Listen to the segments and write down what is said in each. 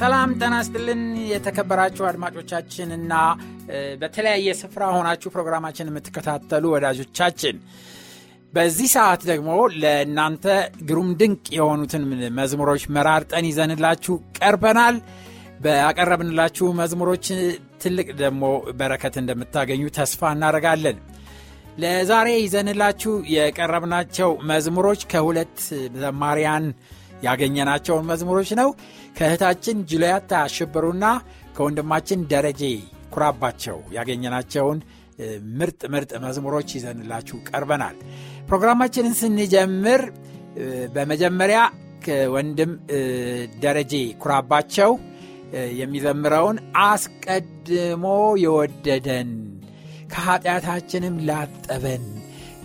ሰላም ጠና ስትልን የተከበራችሁ አድማጮቻችን እና በተለያየ ስፍራ ሆናችሁ ፕሮግራማችን የምትከታተሉ ወዳጆቻችን በዚህ ሰዓት ደግሞ ለእናንተ ግሩም ድንቅ የሆኑትን መዝሙሮች መራርጠን ይዘንላችሁ ቀርበናል በያቀረብንላችሁ መዝሙሮች ትልቅ ደግሞ በረከት እንደምታገኙ ተስፋ እናደረጋለን ለዛሬ ይዘንላችሁ የቀረብናቸው መዝሙሮች ከሁለት ዘማሪያን ያገኘናቸውን መዝሙሮች ነው። ከእህታችን ጁልያታ አሸበሩና ከወንድማችን ደረጀ ኩራባቸው ያገኘናቸውን ምርጥ ምርጥ መዝሙሮች ይዘንላችሁ ቀርበናል። ፕሮግራማችንን ስንጀምር በመጀመሪያ ወንድም ደረጀ ኩራባቸው የሚዘምረውን አስቀድሞ የወደደን ከኃጢአታችንም ላጠበን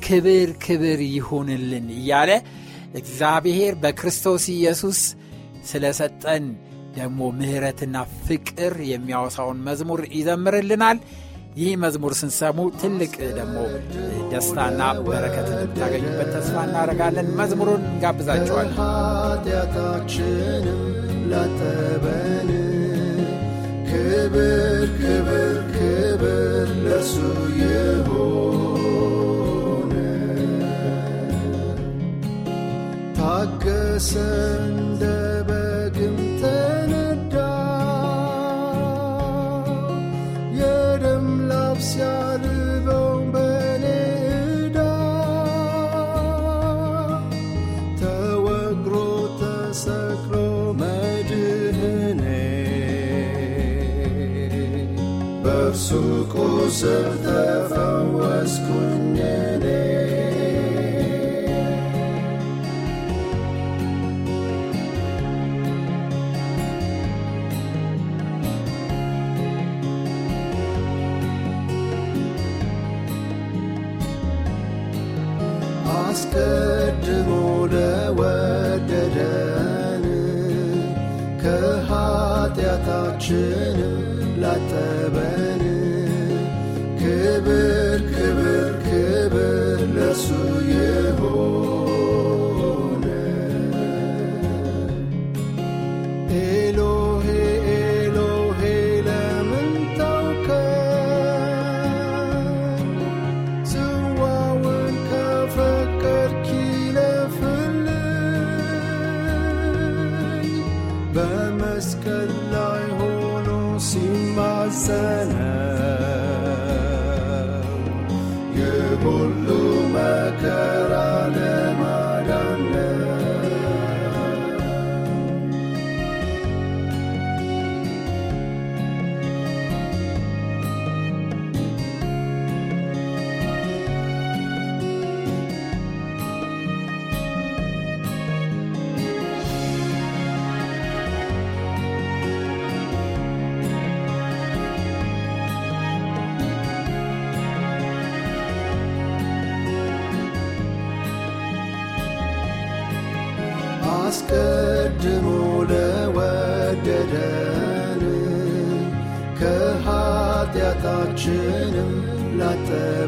ክብር ክብር ይሁንልን እያለ እግዚአብሔር በክርስቶስ ኢየሱስ ስለ ሰጠን ደግሞ ምሕረትና ፍቅር የሚያወሳውን መዝሙር ይዘምርልናል። ይህ መዝሙር ስንሰሙ ትልቅ ደግሞ ደስታና በረከት የምታገኙበት ተስፋ እናደርጋለን። መዝሙሩን እንጋብዛችኋለን። ኃጢአታችንም ክብር ክብር ክብር ለሱ ይሆን ታገሰ እንደ በግም ተነዳ የደም ላብ ሲያልበው በኔ እዳ ተወግሮ ተሰቅሎ መድህኔ በእርሱ ቁስል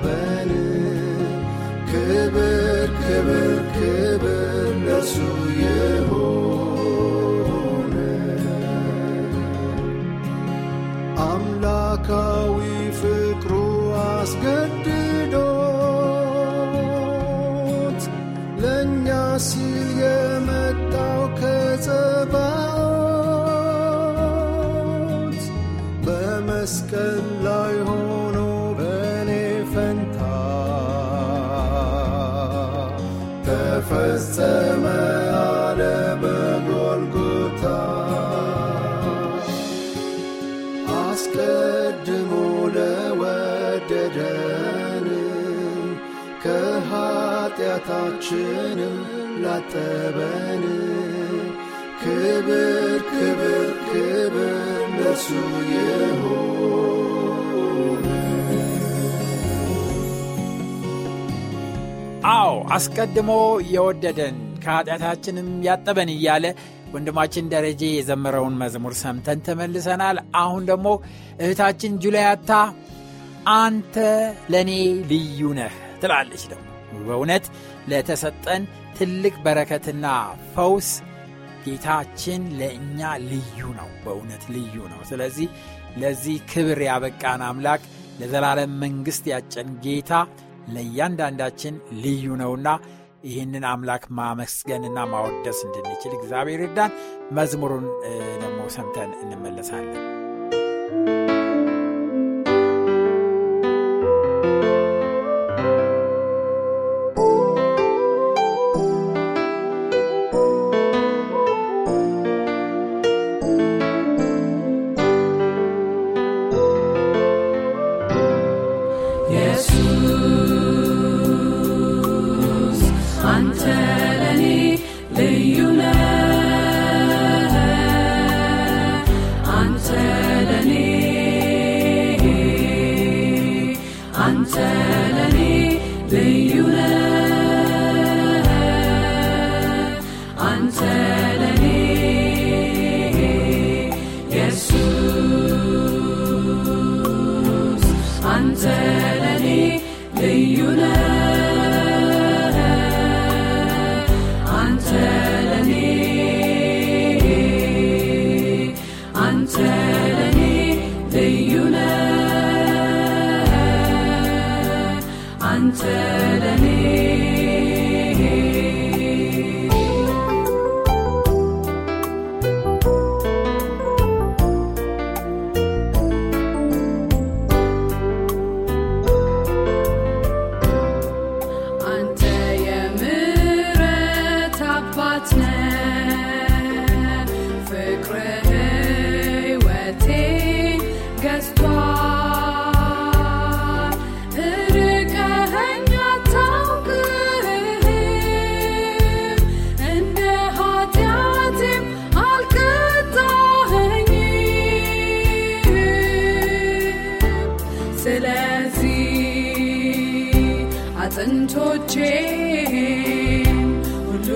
ተከበን ክብር ክብር ክብር ለሱ ኃጢአታችንም ላጠበን ክብር ክብር ክብር ለሱ አዎ አስቀድሞ የወደደን ከኃጢአታችንም ያጠበን እያለ ወንድማችን ደረጀ የዘመረውን መዝሙር ሰምተን ተመልሰናል። አሁን ደግሞ እህታችን ጁላያታ አንተ ለእኔ ልዩ ነህ ትላለች ደግሞ በእውነት ለተሰጠን ትልቅ በረከትና ፈውስ ጌታችን ለእኛ ልዩ ነው። በእውነት ልዩ ነው። ስለዚህ ለዚህ ክብር ያበቃን አምላክ ለዘላለም መንግሥት ያጨን ጌታ ለእያንዳንዳችን ልዩ ነውና ይህንን አምላክ ማመስገንና ማወደስ እንድንችል እግዚአብሔር ይርዳን። መዝሙሩን ደግሞ ሰምተን እንመለሳለን። አጥንቶቼ ሁሉ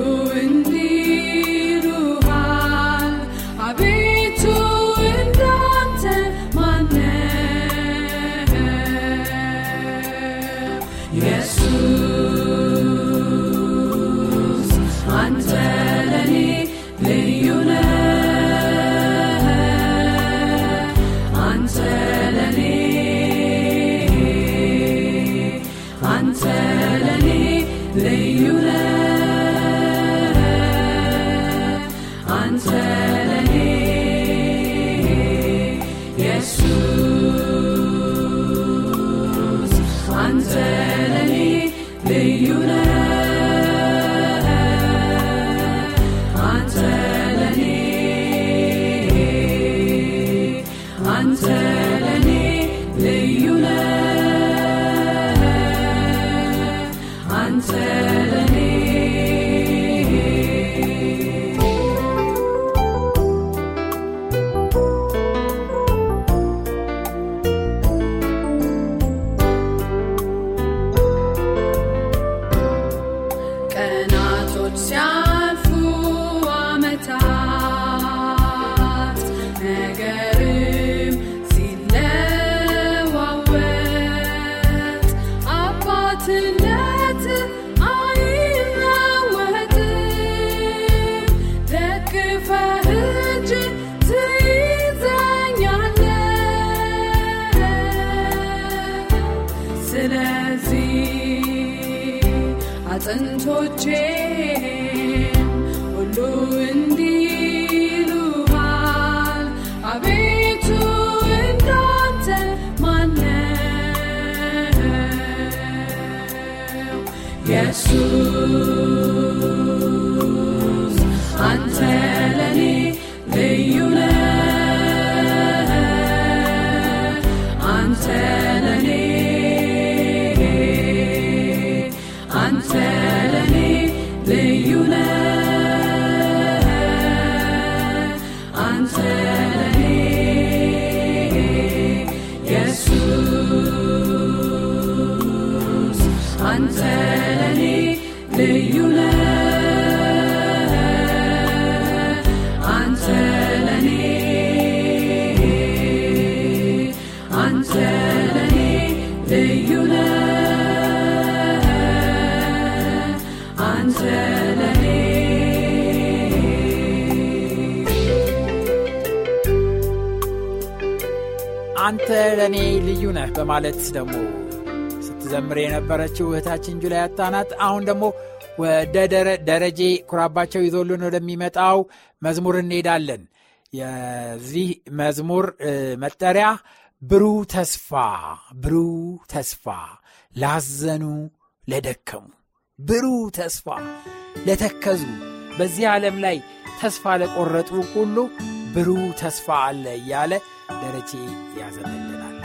Jesus. አንተ ለእኔ ልዩ ነህ በማለት ደግሞ ስትዘምር የነበረችው እህታችን ጁላይ አታናት አሁን ደግሞ ወደ ደረጄ ኩራባቸው ይዞልን ወደሚመጣው መዝሙር እንሄዳለን። የዚህ መዝሙር መጠሪያ ብሩህ ተስፋ፣ ብሩ ተስፋ ላዘኑ ለደከሙ፣ ብሩ ተስፋ ለተከዙ፣ በዚህ ዓለም ላይ ተስፋ ለቆረጡ ሁሉ ብሩህ ተስፋ አለ እያለ ደረቼ ያዘመልናል።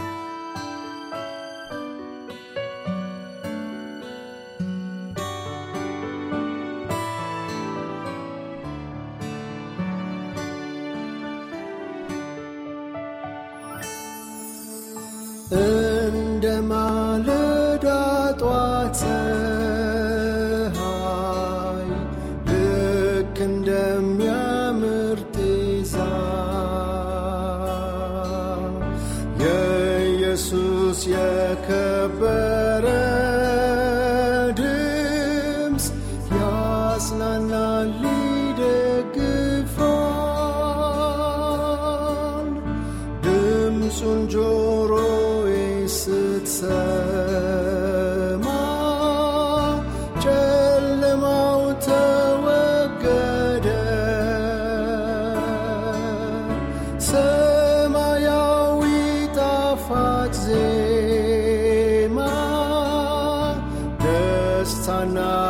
እንደማለ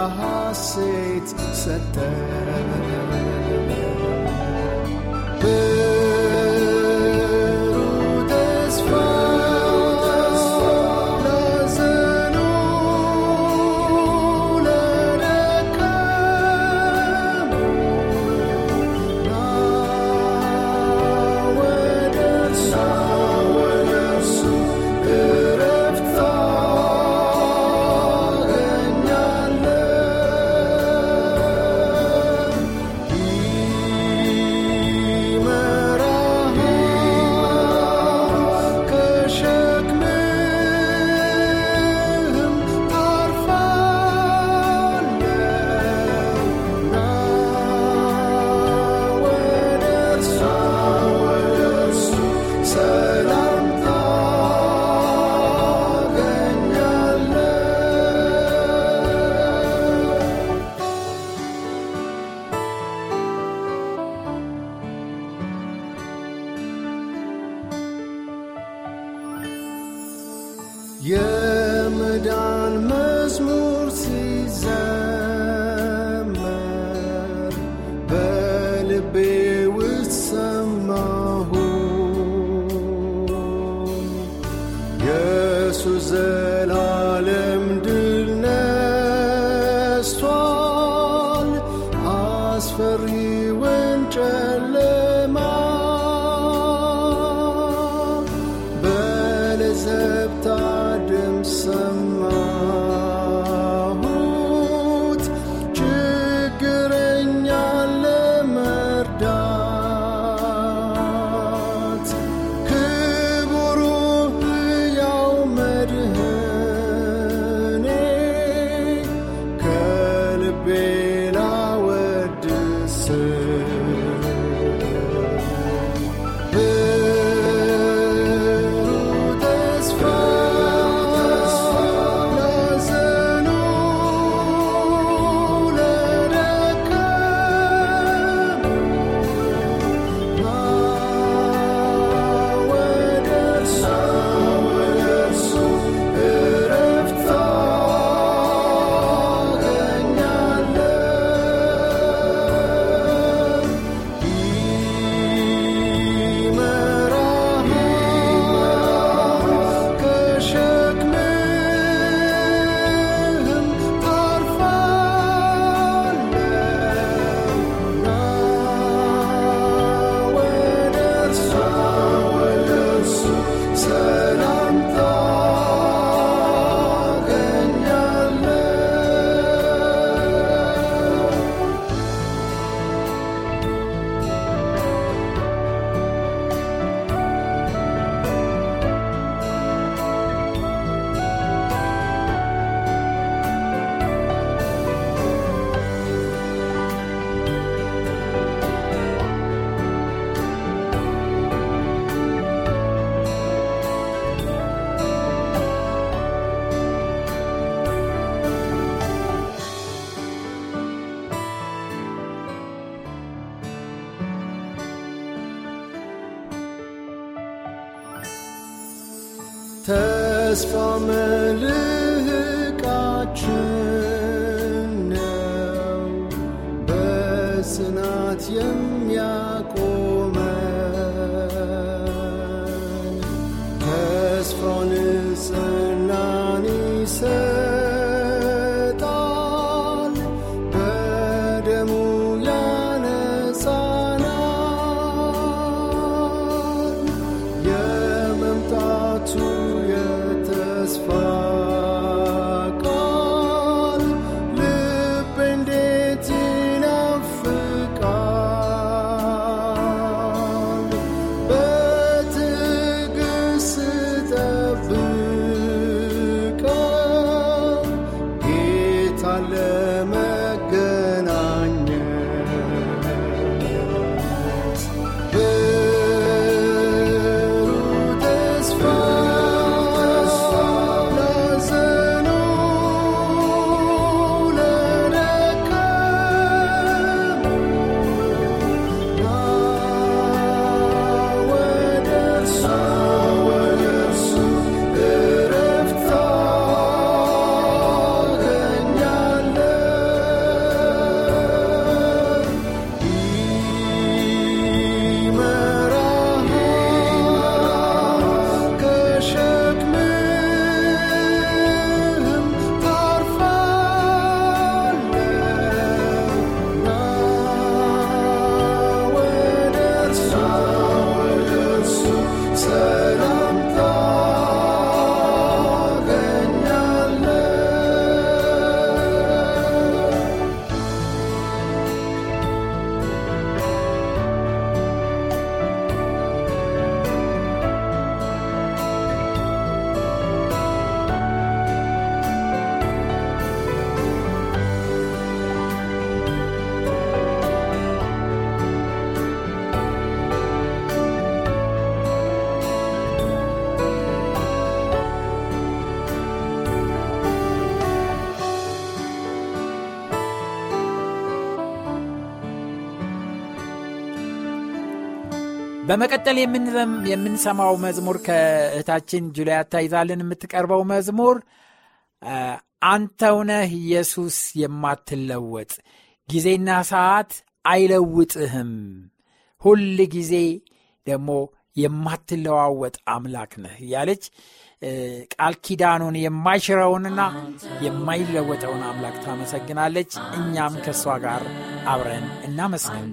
hasit seter. Peu ተስፋ መልህቃችን ነው በጽናት የሚያቆ በመቀጠል የምንሰማው መዝሙር ከእህታችን ጁልያ ታይዛልን የምትቀርበው መዝሙር አንተውነህ ኢየሱስ የማትለወጥ ጊዜና ሰዓት አይለውጥህም ሁል ጊዜ ደግሞ የማትለዋወጥ አምላክ ነህ እያለች ቃል ኪዳኑን የማይሽረውንና የማይለወጠውን አምላክ ታመሰግናለች። እኛም ከእሷ ጋር አብረን እናመስግን።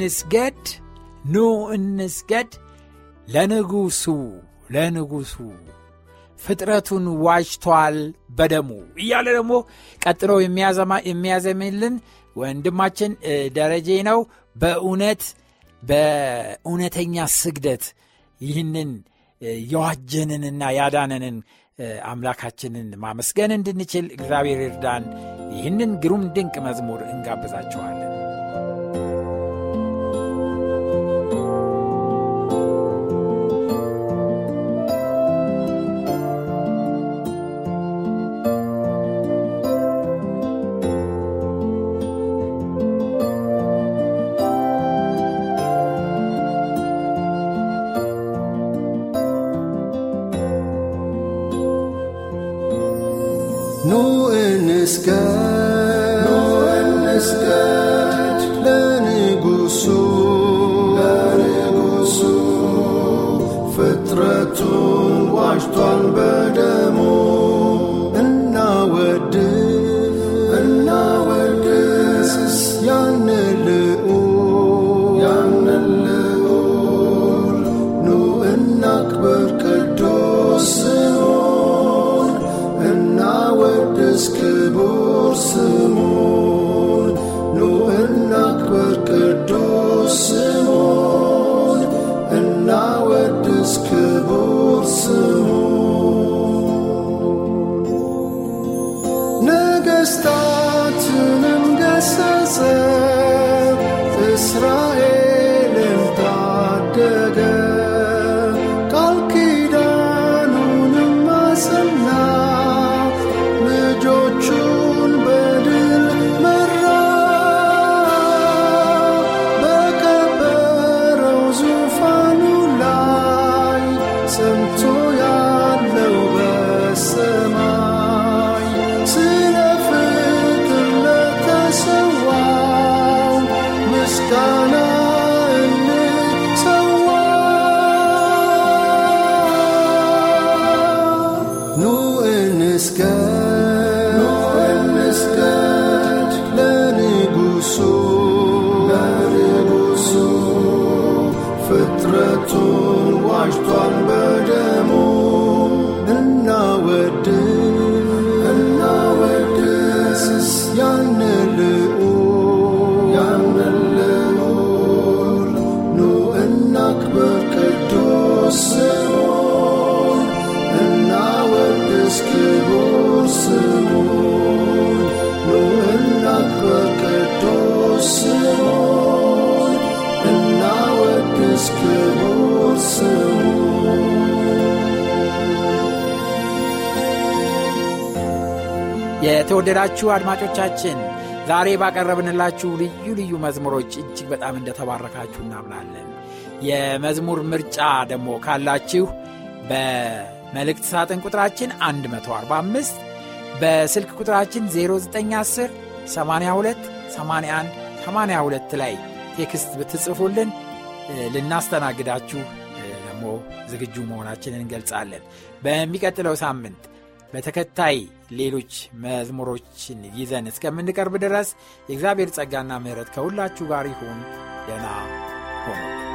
እንስገድ ኑ እንስገድ ለንጉሡ ለንጉሡ ፍጥረቱን ዋጅቷል በደሙ እያለ ደግሞ ቀጥሎ የሚያዘምልን ወንድማችን ደረጄ ነው። በእውነት በእውነተኛ ስግደት ይህንን የዋጀንንና ያዳነንን አምላካችንን ማመስገን እንድንችል እግዚአብሔር እርዳን። ይህንን ግሩም ድንቅ መዝሙር እንጋብዛችኋለን። Rătun, oași toambă የተወደዳችሁ አድማጮቻችን ዛሬ ባቀረብንላችሁ ልዩ ልዩ መዝሙሮች እጅግ በጣም እንደተባረካችሁ እናምናለን የመዝሙር ምርጫ ደግሞ ካላችሁ በመልእክት ሳጥን ቁጥራችን 145 በስልክ ቁጥራችን 0910 82 81 82 ላይ ቴክስት ብትጽፉልን ልናስተናግዳችሁ ደግሞ ዝግጁ መሆናችንን እንገልጻለን በሚቀጥለው ሳምንት በተከታይ ሌሎች መዝሙሮችን ይዘን እስከምንቀርብ ድረስ የእግዚአብሔር ጸጋና ምሕረት ከሁላችሁ ጋር ይሁን። ደና ሆኖ